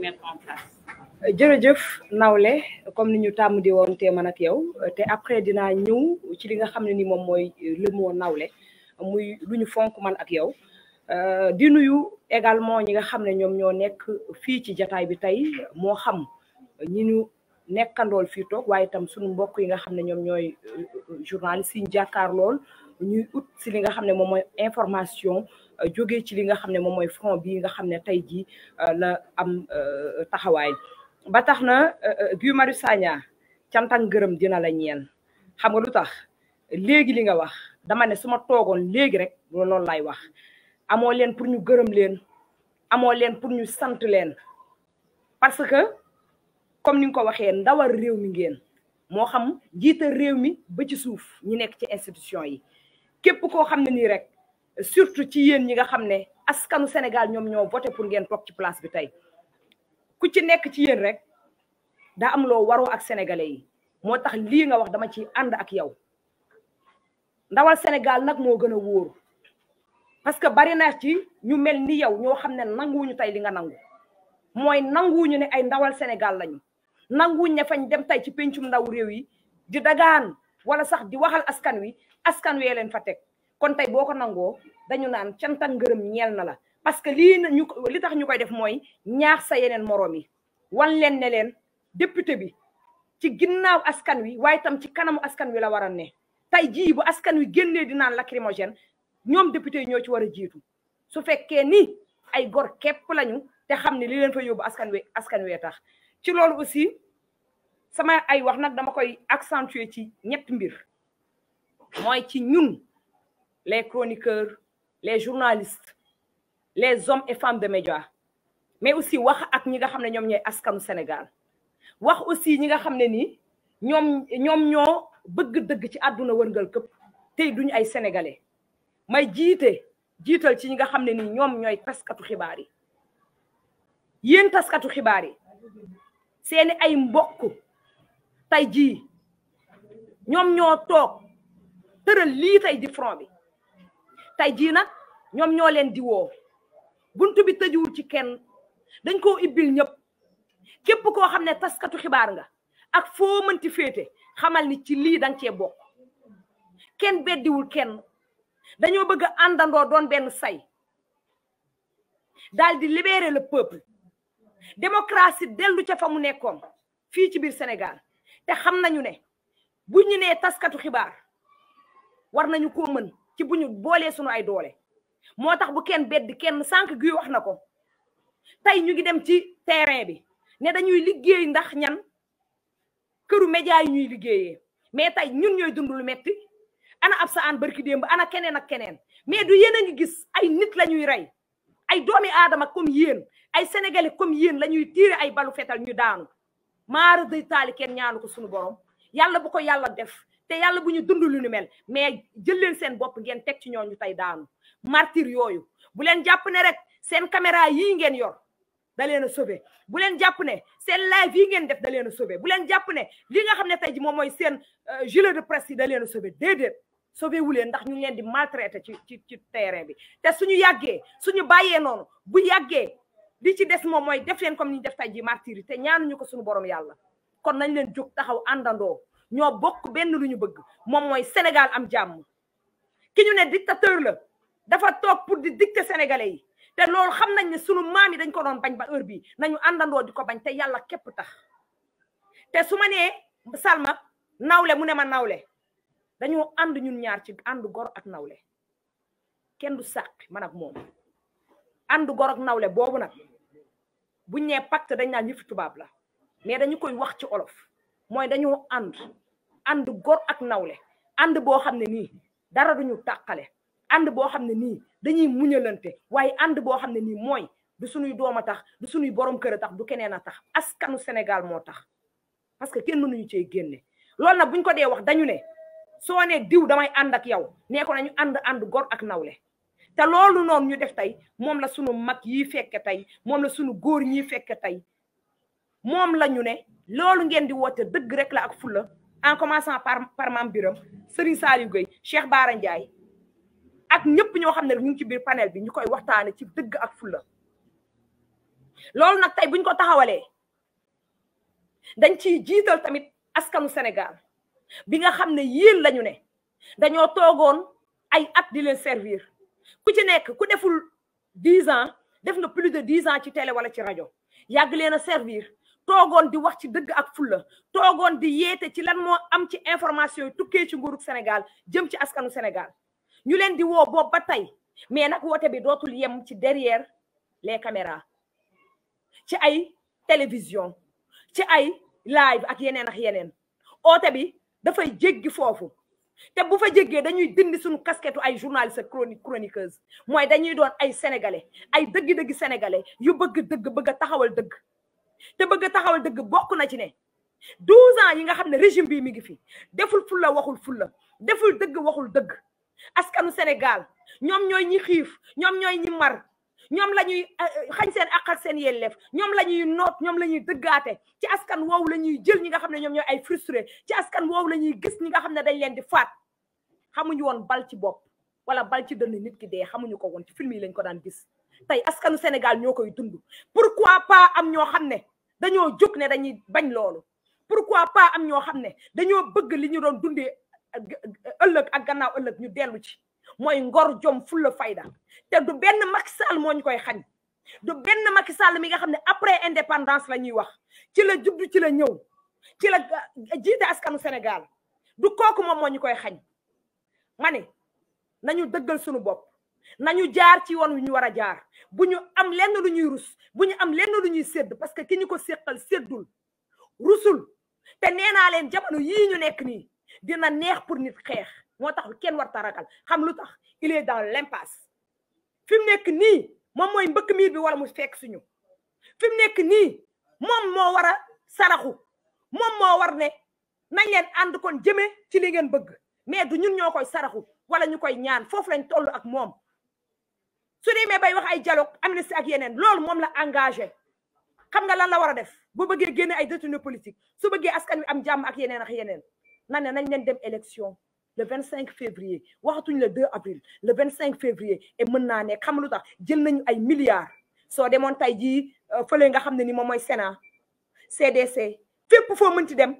mettre jërëjëf nawle comme ni ñu tàmm di woon te man ak yow te après dinaa ñëw ci li nga xam ne ni moom mooy le mot nawle muy lu ñu fonk man ak yow euh, di nuyu également ñi nga xam ne ñoom ñoo nekk fii ci jataay bi tey moo xam ñi ñu nekkandool fii toog waaye itam suñu mbokk yi nga xam ne ñoom ñooy euh, journaliste si ñu lool ñuy ut si li nga xam ne moom mooy information jógee ci li nga xam ne moom mooy front bi nga xam ne tey jii euh, la am euh, taxawaay ba tax na euh, Guy Marius Sagna cant ak ngërëm dina la ñeel xam nga lu tax léegi li nga wax dama ne su ma toogoon léegi rek loolu lay wax amoo leen pour ñu gërëm leen amoo leen pour ñu sant leen parce que comme ni nga ko waxee ndawal réew mi ngeen moo xam jiite réew mi ba ci suuf ñi nekk ci institution yi képp koo xam ne nii rek surtout ci yéen ñi nga xam ne askanu Sénégal ñoom ñoo voté pour ngeen toog ci place bi tey ku ci nekk ci yéen rek da am loo waroo ak sénégalais yi moo tax lii nga wax dama ci ànd ak yow ndawal Sénégal nag moo gën a wóor parce que bari na ci ñu mel ni yow ñoo xam ne nanguwuñu tey li nga nangu mooy nanguwuñu ne ay ndawal Sénégal lañu nanguwuñ ne fañ dem tey ci pencum ndaw réew yi di dagaan wala sax di waxal askan wi askan wee leen fa teg kon tey boo ko nangoo dañu naan cantan ak ngërëm ñeel na la parce que lii ñu li tax ñu koy def mooy ñaax sa yeneen moroom yi wan leen ne leen député bi ci ginnaaw askan wi waaye tam ci kanamu askan wi la war a ne tey jii askan wi génnee di naan lacrymogène ñoom député yi ñoo ci war a jiitu su fekkee ni ay gor képp lañu te xam ne li leen fa yóbbu askan wi askan wee tax ci loolu aussi sama ay wax nag dama koy accentuer ci ñetti mbir mooy ci ñun les chroniqueurs les journalistes les hommes et femmes de médias mais aussi wax ak ñi nga xam ne ñoom ñooy askanu Sénégal wax aussi ñi nga xam ne nii ñoom ñoom ñoo bëgg dëgg ci àdduna wërngal këpp tey duñu ay sénégalais may jiite jiital ci ñi nga xam ne nii ñoom ñooy taskatu xibaar yi yéen taskatu xibaar yi seeni ay mbokk tey jii ñoom ñoo toog tëral lii tey di front bi tey jii nag ñoom ñoo leen di woo buntu bi tëjuwul ci kenn dañ koo ibbil ñëpp képp koo xam ne taskatu xibaar nga ak foo mënti féete xamal ni ci lii danga cee bokk kenn beddiwul kenn dañoo bëgg a àndandoo doon benn say daal di libérer le peuple démocratie dellu ca fa mu nekkoon fii ci biir Sénégal te xam nañu ne bu ñu nee taskatu xibaar war nañu ko mën ci bu ñu boolee suñu ay doole moo tax bu kenn bedd kenn sànq guy wax na ko tey ñu ngi dem ci terrain bi ne dañuy liggéey ndax ñan këru média yi ñuy liggéeyee mais tey ñun ñooy dund lu metti ana ab sa aan barki démb ana keneen ak keneen mais du yéen a ngi gis ay nit la ñuy rey ay doomi aadama comme yéen ay sénégalais comme yéen la ñuy tiire ay balu fetal ñu daanu maara day taali kenn ñaanu ko suñu borom yàlla bu ko yàlla def te yàlla bu ñu dund lu ñu mel mais jël seen bopp ngeen teg ci ñooñu tey daanu martyr yooyu bu leen jàpp ne rek seen caméra yii ngeen yor da leen a sauvé bu leen jàpp ne seen live yi ngeen def da leen a bu leen jàpp li nga xam ne tey ji moom mooy seen euh, gilet de presse yi da leen a sauvé déedéet sauvé wu ndax ñu ngi leen di maltraité ci ci ci terrain bi te suñu yàggee suñu bàyyee noonu bu yàggee li ci des moom mooy def leen comme ni def tey ji martyr yi te ñaanuñu ko suñu borom yàlla kon nañ leen jóg taxaw àndandoo ñoo bokk benn lu ñu bëgg moom mooy Sénégal am jàmm ki ñu ne dictateur la dafa toog pour di dicter sénégalais yi te lool xam nañ ne sunu maam yi dañ ko doon bañ ba heure bi nañu àndandoo di ko bañ te yàlla képp tax te su ma nee Salma nawle mu ne ma nawle dañoo ànd ñun ñaar ci ànd gor ak nawle kenn du sàq man ak moom ànd gor ak nawle boobu nag buñ nee pacte dañ naan ñi fi tubaab la mais dañu koy wax ci olof mooy dañoo ànd ànd gor ak nawle ànd boo xam ne nii dara duñu tàqale ànd boo xam ne nii dañuy muñëlante waaye ànd boo xam ne nii mooy du suñuy doom a tax du suñuy borom kër a tax du keneen a tax askanu Sénégal moo tax parce que kenn ñu cee génne loolu nag buñ ko dee wax dañu ne soo ne diw damay ànd ak yow nee ko nañu ànd ànd gor ak nawle te loolu noonu ñu def tey moom la sunu mag yi fekke tey moom la sunu góor ñi fekke tey moom la ñu ne loolu ngeen di woote dëgg rek la ak fulla en commençant par par biram Birame Serigne Saliou Gueye Cheikh Bara Ndiaye ak ñëpp ñoo xam ne ñu ngi ci biir panel bi ñu koy waxtaane ci dëgg ak fulla loolu nag tey buñ ko taxawalee dañ ci jiital tamit askanu Sénégal bi nga xam ne yéen lañu ne dañoo toogoon ay at di leen servir ku ci nekk ku deful dix ans def na plus de dix ans ci télé wala ci rajo yàgg leen a servir toogoon di wax ci dëgg ak fulla toogoon di yeete ci lan moo am ci information yi tukkee ci nguurug Sénégal jëm ci askanu Sénégal ñu leen di woo boobu ba tey mais nag woote bi dootul yem ci derrière les caméras ci ay télévision ci ay live ak yeneen ak yeneen oote bi dafay jéggi foofu te bu fa jéggee dañuy dindi suñu kasketu ay journaliste chronique chroniqueuse mooy dañuy doon ay sénégalais ay dëgg-dëgg sénégalais yu bëgg dëgg bëgg a taxawal dëgg te bëgg a taxawal dëgg bokk na ci ne 12 ans yi nga xam ne régime bii mi ngi fi deful fulla waxul fulla deful dëgg waxul dëgg askanu Sénégal ñoom ñooy ñi xiif ñoom ñooy ñi mar ñoom la ñuy euh, euh, xañ seen ak ak seen yelleef ñoom la ñuy noot ñoom la ñuy dëggaate ci askan woowu la ñuy jël ñi nga xam ne ñoom ñooy ay frustré ci askan woowu la ñuy gis ñi nga xam ne dañ leen di faat xamuñu woon bal ci bopp wala bal ci dënn nit ki dee xamuñu ko woon ci film yi lañ ko daan gis tey askanu Sénégal ñoo koy dund pourquoi pas am ñoo xam ne dañoo jóg ne dañuy bañ loolu pourquoi pas am ñoo xam ne dañoo bëgg li ñu doon dundee ëllëg ak gannaaw ëllëg ñu dellu ci mooy ngor jom fulla fayda te du benn Macky moo ñu koy xañ du benn Macky mi nga xam ne après indépendance la ñuy wax ci la juddu ci la ñëw ci la jiite askanu Sénégal du kooku moom moo ñu koy xañ mani ne nañu dëggal sunu bopp nañu jaar ci woon wi ñu war a jaar bu ñu am lenn lu ñuy rus bu ñu am lenn lu ñuy sédd parce que ki ñu ko séqal séddul rusul te nee naa leen jamono yii ñu nekk nii dina neex pour nit xeex moo tax kenn war tarakal xam lu tax il est dans l'impasse fi mu nekk nii moom mooy mbëkk miir bi wala mu fekk suñu fi mu nekk nii moom moo war a saraxu moom moo war ne na leen ànd kon jëme ci li ngeen bëgg mais du ñun ñoo koy saraxu wala ñu koy ñaan foofu lañ toll ak moom su demee bay wax ay dialogue amnistie ak yeneen lool moom la engagé xam nga lan la war a def ba bëggee génne ay détenus politique su bëggee askan wi am jàmm ak yeneen ak yeneen nan ne nañ leen dem élection le vingt cinq février waxatuñ le 2 avril le cinq février et mën naa ne xam lu tax jël nañu ay milliards soo demoon tey jii euh, fële nga xam ne ni moom mooy Sénat CDC fépp foo mënti dem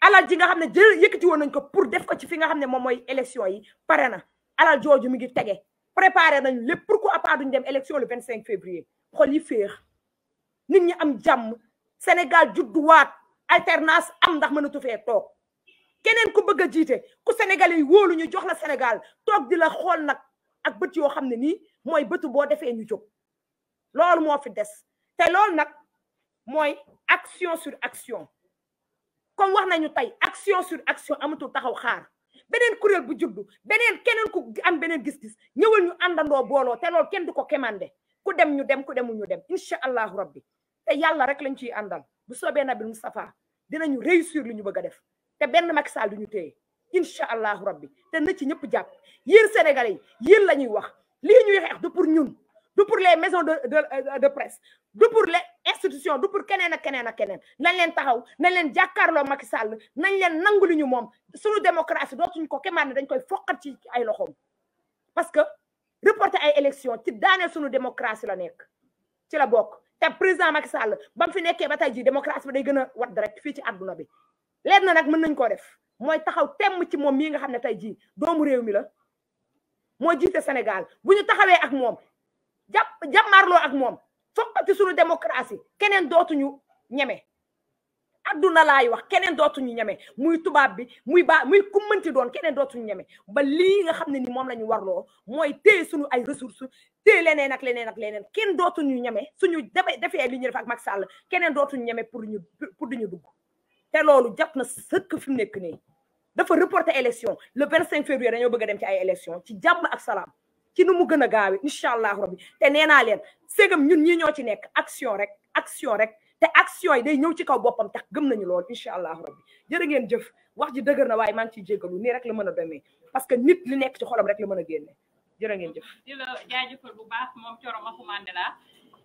alal ji nga xam ne jël yëkkati woon nañ ko pour def ci fi nga xam ne moom mooy élection yi pare na alal jooju mi ngi tege. préparé nañ lépp pourquoi pas duñ dem élection le vingt cinq février xol yi féex nit ñi am jàmm Sénégal judduwaat alternance am ndax mënatu fee toog keneen ku bëgg a jiite ku sénégalais yi wóolu ñu jox la Sénégal toog di la xool nag ak bët yoo xam ne nii mooy bëtu boo defee ñu jóg loolu moo fi des te loolu nag mooy action sur action comme wax nañu tey action sur action amatul taxaw xaar beneen kuréel bu juddu beneen keneen ku am beneen gis-gis ñëwal ñu àndandoo booloo te loolu kenn du ko commandé ku dem ñu dem ku demul ñu dem incha allahu rabbi te yàlla rek lañ ciy àndal bu soobee na nabil Moustapha dinañu réussir lu ñu bëgg a def te benn Macky Sall du ñu téye incha allahu rabbi te na ci ñëpp jàpp yéen sénégalais yi yéen la ñuy wax li ñuy xeex du pour ñun du pour le maisons de de euh, de presse du pour les institutions du pour keneen ak keneen ak keneen nañ leen taxaw nañ leen jàkkaarloo Macky Sall nañ leen nangu li ñu moom suñu démocratie dootuñu ko kemaat ne dañ koy foqat ci ay loxoom parce que reporter ay élection ci daaneel suñu démocratie la nekk ci la bokk te président Macky Sall ban fi nekkee ba tey jii démocratie bi day gën a wat rek fii ci àdduna bi leen na nag mën nañ koo def mooy taxaw temm ci moom mii nga xam ne tey jii doomu réew mi la moo jiite Sénégal bu ñu taxawee ak moom jàpp jàmmarloo ak moom fokkati suñu démocratie keneen dootuñu ñeme adduna laay wax keneen dootuñu ñeme muy tubaab bi muy baa muy kummanti doon keneen dootuñu ñeme ba lii nga xam ne ni moom la ñu warloo mooy téye suñu ay ressources téye leneen ak leneen ak leneen kenn dootuñu ñeme suñu defee defee li ñu def ak mag Sall keneen dootuñu ñeme pour ñu pour duñu dugg te loolu jàpp na sëkk fi mu nekk nii dafa reporter élection le 25 février dañoo bëgg a dem ci ay élection ci jàmm ak salaam ci nu mu gën a gaawe incha allahu rabbi te nee naa leen ségam ñun ñii ñoo ci nekk action rek action rek te action yi day ñëw ci kaw boppam tax gëm nañu lool incha allahu rabbi jërë ngeen jëf wax ji dëgër na waaye maa ngi ciy jéggalu nii rek la mën a demee parce que nit li nekk ci xolam rek la mën a génne jërë ngeen jëf a la jaajëfal bu baax moom Coro Maxu Mandela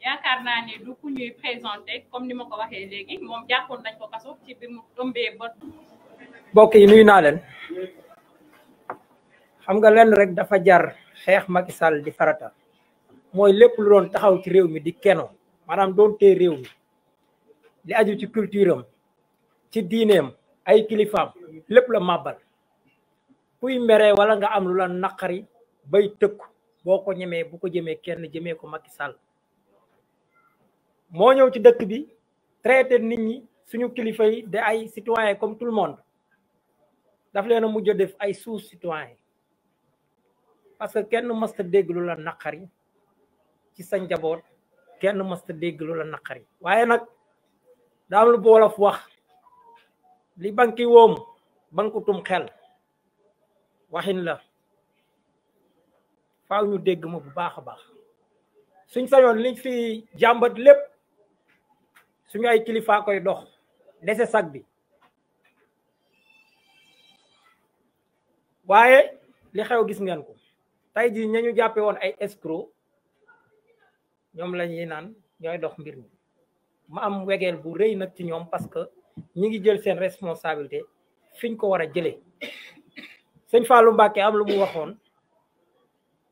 yaakaar naa du ku ñuy présenté comme ni ma ko waxee léegi moom jàppoon nañ ko kaso ci bi mu mbokk yi nuyu naa leen nga lenn rek dafa jar xeex Macky Sall di farata mooy lépp lu taxaw ci réew mi di keno maanaam doon réew mi li aju ci culture ci diineem ay kilifaam lépp la màbbal kuy meree wala nga am lu la naqari bay tëkku boo ko ñemee bu ko jëmee kenn jëmee ko Macky Sall moo ñëw ci dëkk bi traité nit ñi suñu kilifa yi de ay citoyen comme tout le monde daf leen a mujj def ay sous citoyen parce que kenn mësta dégg lu la naqari ci sa njaboot kenn mësta dégg lu la naqari waaye nag daam lu boolof wax li banki woom bankutum xel waxin la faaw ñu dégg ma bu baax a baax suñ sañoon liñ fi jàmbat lépp suñu ay kilifaa koy dox dese sag bi waaye li xew gis ngeen ko tey jii ñañu jàppe woon ay escroc ñoom la ñuy naan ñooy dox mbir mi ma am wegeel bu rëy nag ci ñoom parce que ñi ngi jël seen responsabilité fiñ ko war a jëlee sëñ Fallou Mbacké am lu mu waxoon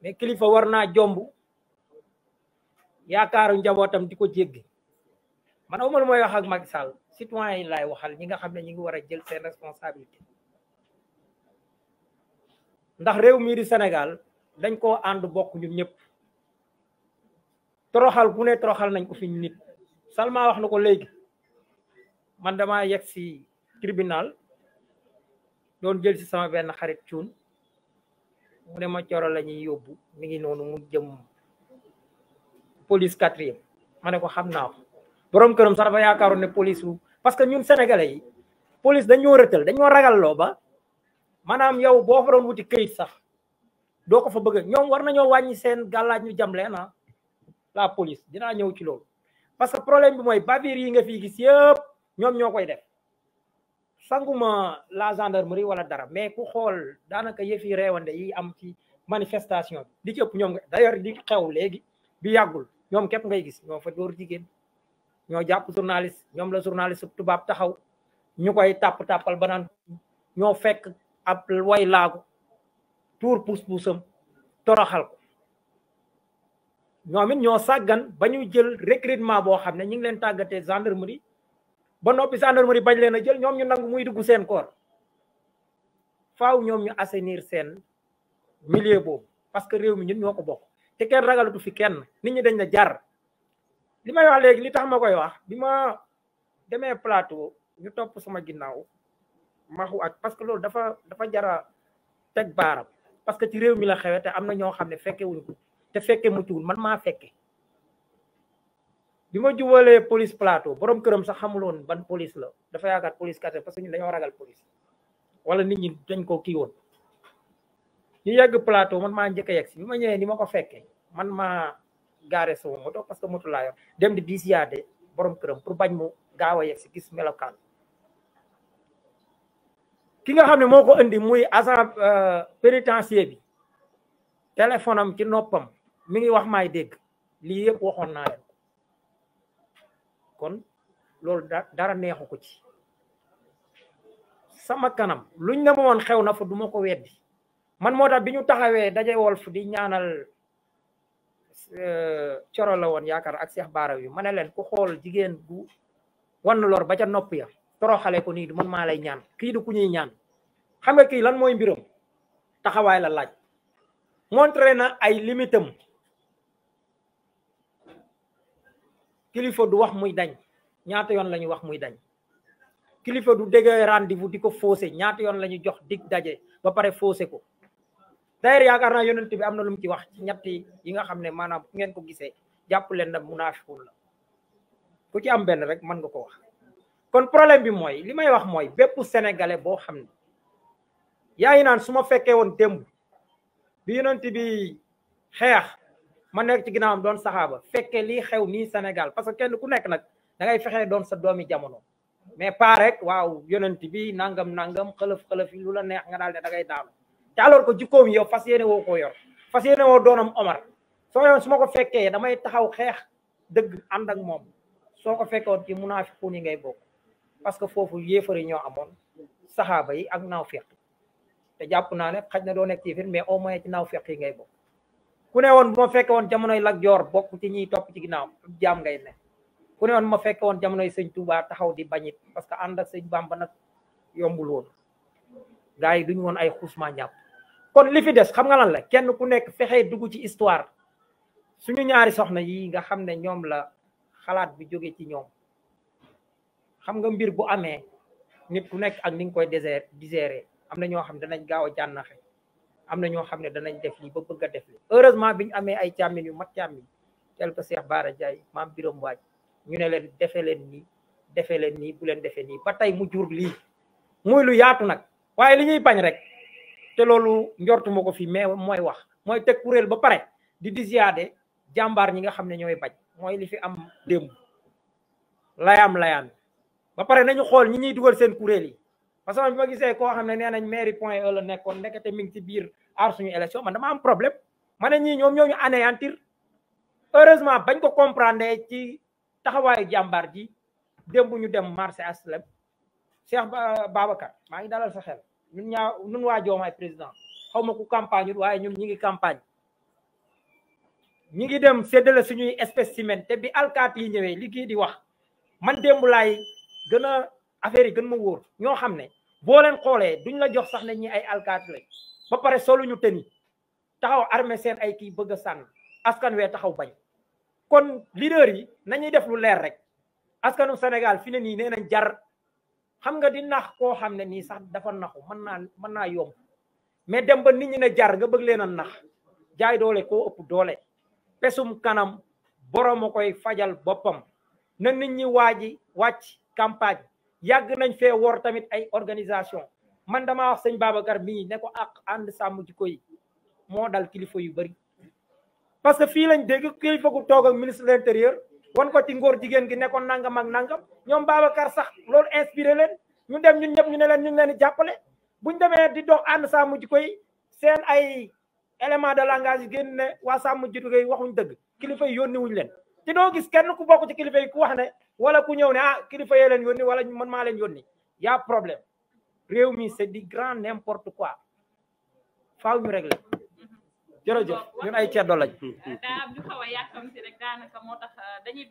mais kilifa war naa jomb yaakaaru njabootam di ko jéggi man aw lu mooy wax ak Macky Sall citoyen yi laay waxal ñi nga xam ne ñi ngi war a jël seen responsabilité ndax réew mii di Sénégal dañ ko ànd bokk ñun ñëpp troxal bu ne toroxal nañ ko fi nit Salma wax na ko léegi man damaa yegg si tribunal doon jël si sama benn xarit cuun mu ne ma coro la ñuy yóbbu mi ngi noonu mu jëm police quatrième ma ne ko xam naa borom këram sax dafa yaakaaroon ne police wu parce que ñun sénégalais yi police dañoo rëtal dañoo ragal loo ba maanaam yow boo fa doon wuti këyit sax doo ko fa bëgg ñoom war nañoo wàññi seen gàllaaj ñu jam leen ah la police dinaa ñëw ci loolu parce que problème bi mooy bavir yi nga fii gis yëpp ñoom ñoo koy def sanguma la gendarmerie wala dara mais ku xool daanaka yëf yi reewande yi am ci manifestation di këpp ci ëpp ñoom d'ailleurs li xew léegi bi yàggul ñoom képp ngay gis ñoo fa dóor jigéen ñoo jàpp journaliste ñoom la journaliste tubaab taxaw ñu koy tàpp tàppal ba naan ñoo fekk ab way laagu tuur puus-puusam toroxal ko ñoom it ñoo sàggan ba ñu jël recritement boo xam ne ñu ngi leen tàggatee ri ba noppi gendarmerie bañ leen a jël ñoom ñu nangu muy dugg seen koor faw ñoom ñu assenir seen milieu boobu parce que réew mi ñu ñoo ko bokk te kenn tu fi kenn nit ñi dañ la jar li may wax léegi li tax ma koy wax bi ma demee plateau ñu topp suma ginnaaw maxu ak parce que loolu dafa dafa jara teg baaram parce que ci réew mi la xewe te am na ñoo xam ne fekke wuñu ko te fekke muccwul man maa fekke bi ma jubalee police plateau borom këram sax xamuloon ban police la dafa yaakaar police quartier parce que ñun dañoo ragal police wala nit ñi dañ ko kii woon ñu yegg plateau man maa njëkk a yegg si bi ma ñëwee ni ma ko fekkee man maa gaare sama moto parce que moto laa yor dem di diis yaade borom këram pour bañ mu gaaw a yegg si gis melokaan ki nga xam ne moo ko indi muy agent euh, pénitencier bi téléphone am ci noppam mi ngi wax maay dégg lii yëpp waxoon naa kon loolu dara neexu ko ci sama kanam luñ ne ma xew na fa du ma ko weddi man moo tax bi ñu taxawee daje fu di ñaanal euh, coro la woon yaakaar ak Cheikh Baara yu ma ne leen ku xool jigéen bu wann lor ba ca nopp ya toroxale ko nii du man maa lay ñaan kii du ku ñuy ñaan xam nga kii lan mooy mbiram taxawaay la laaj montré na ay limitam kilifa du wax muy dañ ñaata yoon la wax muy dañ kilifa du déggee rendez-vous di ko faussé ñaata yoon la ñu jox dig daje ba pare faussé ko d'ailleurs yaakaar naa yonent bi am na lu mu ci wax ci ñetti yi nga xam ne maanaam ngeen ko gisee jàpp leen na munaafiqun la ku ci am benn rek mën nga ko wax kon problème bi mooy li may wax mooy bépp sénégalais boo xam ne yaa ngi naan su ma fekkee woon démb bi yonent bi xeex ma nekk ci ginnaawam doon saxaaba fekkee lii xew nii Sénégal parce que kenn ku nekk nag da ngay fexe doon sa doomi jamono mais pas rek waaw yonent bi nangam nangam xëlëf xëlëf yi lu la neex nga daal de da ngay daanu te alors que jikkoom yow fas yéene woo ko yor fas yéene woo doonam Omar soo yoon su ma ko fekkee damay taxaw xeex dëgg ànd ak moom soo ko fekkoon ci munaafiqun ni ngay bokk parce que foofu yéefari ñoo amoon saxaaba yi ak naafiq te jàpp naa ne xaj na doo nekk ci fir mais au moins ci naaw fekk yi ngay bokk ku ne woon bu ma fekke woon jamonoy Lat Joor bokk ci ñiy topp ci ginnaaw jaam ngay ne ku ne ma fekke woon jamonoy sëñ Tuubaa taxaw di bañit parce que ànd ak sëñ Bàmba nag yombul woon gars yi duñu woon ay xuusma ñàpp kon li fi des xam nga lan la kenn ku nekk fexee dugg ci histoire suñu ñaari soxna yi nga xam ne ñoom la xalaat bi jóge ci ñoom xam nga mbir bu amee nit ku nekk ak ni nga koy désert digérer am na ñoo xam ne danañ gaaw a jànnaxe am na ñoo xam ne danañ def lii ba bëgg a def lii heureusement biñu amee ay càmmin yu mat càmmin tel que Cheikh Bara Ndiaye maam Biram Waaj ñu ne leen defee leen nii defe leen nii bu leen defee nii ba tey mu jur lii muy lu yaatu nag waaye li ñuy bañ rek te loolu njortuma ko fii mais mooy wax mooy teg kuréel ba pare di disiyaade jàmbaar ñi nga xam ne ñooy bañ mooy li fi am démb layaam layaam ba pare nañu xool ñi ñuy dugal seen kuréel yi parce que man ma gisee koo xam ne nee nañ mairie point e la nekkoon nekkate mi ngi ci biir aar suñu élection man dama am problème ma ne ñii ñoom ñoo ñu anéantir heureusement bañ ko comprendre ci taxawaayu jàmbaar ji bu ñu dem marché aslem ba Babacar maa ngi dalal sa xel ñun ñaa ñun waa Diomaye président xaw ma ku campagne waaye ñun ñi ngi campagne ñi ngi dem séddale suñuy spécimen te bi alkaat yi ñëwee liggéey di wax man démb laay affaire yi gën ma wóor ñoo xam ne boo leen xoolee duñ la jox sax ne ñi ay alkaati lañ ba pare ñu tëni taxaw armé seen ay kii bëgg a sànn askan wee taxaw bañ kon leader yi nañuy def lu leer rek askanu Sénégal fi ne nii nee nañ jar xam nga di nax koo xam ne nii sax dafa naxu mën naa mën naa yomb mais dem ba nit ñi ne jar nga bëgg leen a nax jaay doole koo ëpp doole pesum kanam borom koy fajal boppam na nit ñi waaji wàcc campagne yàgg nañ fee wor tamit ay organisation man dama wax sëñ Babacar mii ne ko ak ànd sàmm jikko koy moo dal kilifa yu bëri parce que fii lañ dégg kilifa gu toog ministre de l'intérieur wan ko ci ngóor jigéen gi ne nangam ak nangam ñoom Babacar sax loolu inspiré leen ñu dem ñun ñëpp ñu ne leen ñu ngi leen di jàppale ñu demee di dox ànd sàmm jikko koy seen ay élément de langage yi génn ne waa sàmm jikko yi waxuñ dëgg kilifa yi yónni leen te doo gis kenn ku bokk ci kilifa ku wax ne wala ku ñëw ne ah kilifa yee leen yónni wala man maa leen yónni y'a problème réew mi c'est du grand n'importe quoi faaw ñu régler jërëjëf ñun ñu xaw a yàkkamti rek daanaka moo euh,